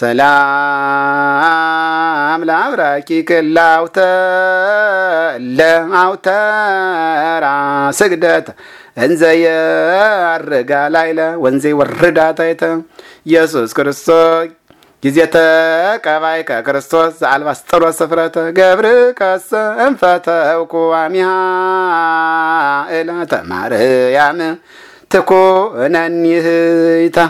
ሰላም ላምራኪ ክላውተ ለአውተራ ስግደት እንዘ እንዘየአርጋ ላይለ ወንዘ ወርዳ ታይተ ኢየሱስ ክርስቶስ ጊዜ ተቀባይ ከክርስቶስ አልባስ ዘአልባስጥሮ ስፍረተ ገብር ከሰ እንፈተውኩ አሚሃ እለተ ማርያም ትኩነኒህይታ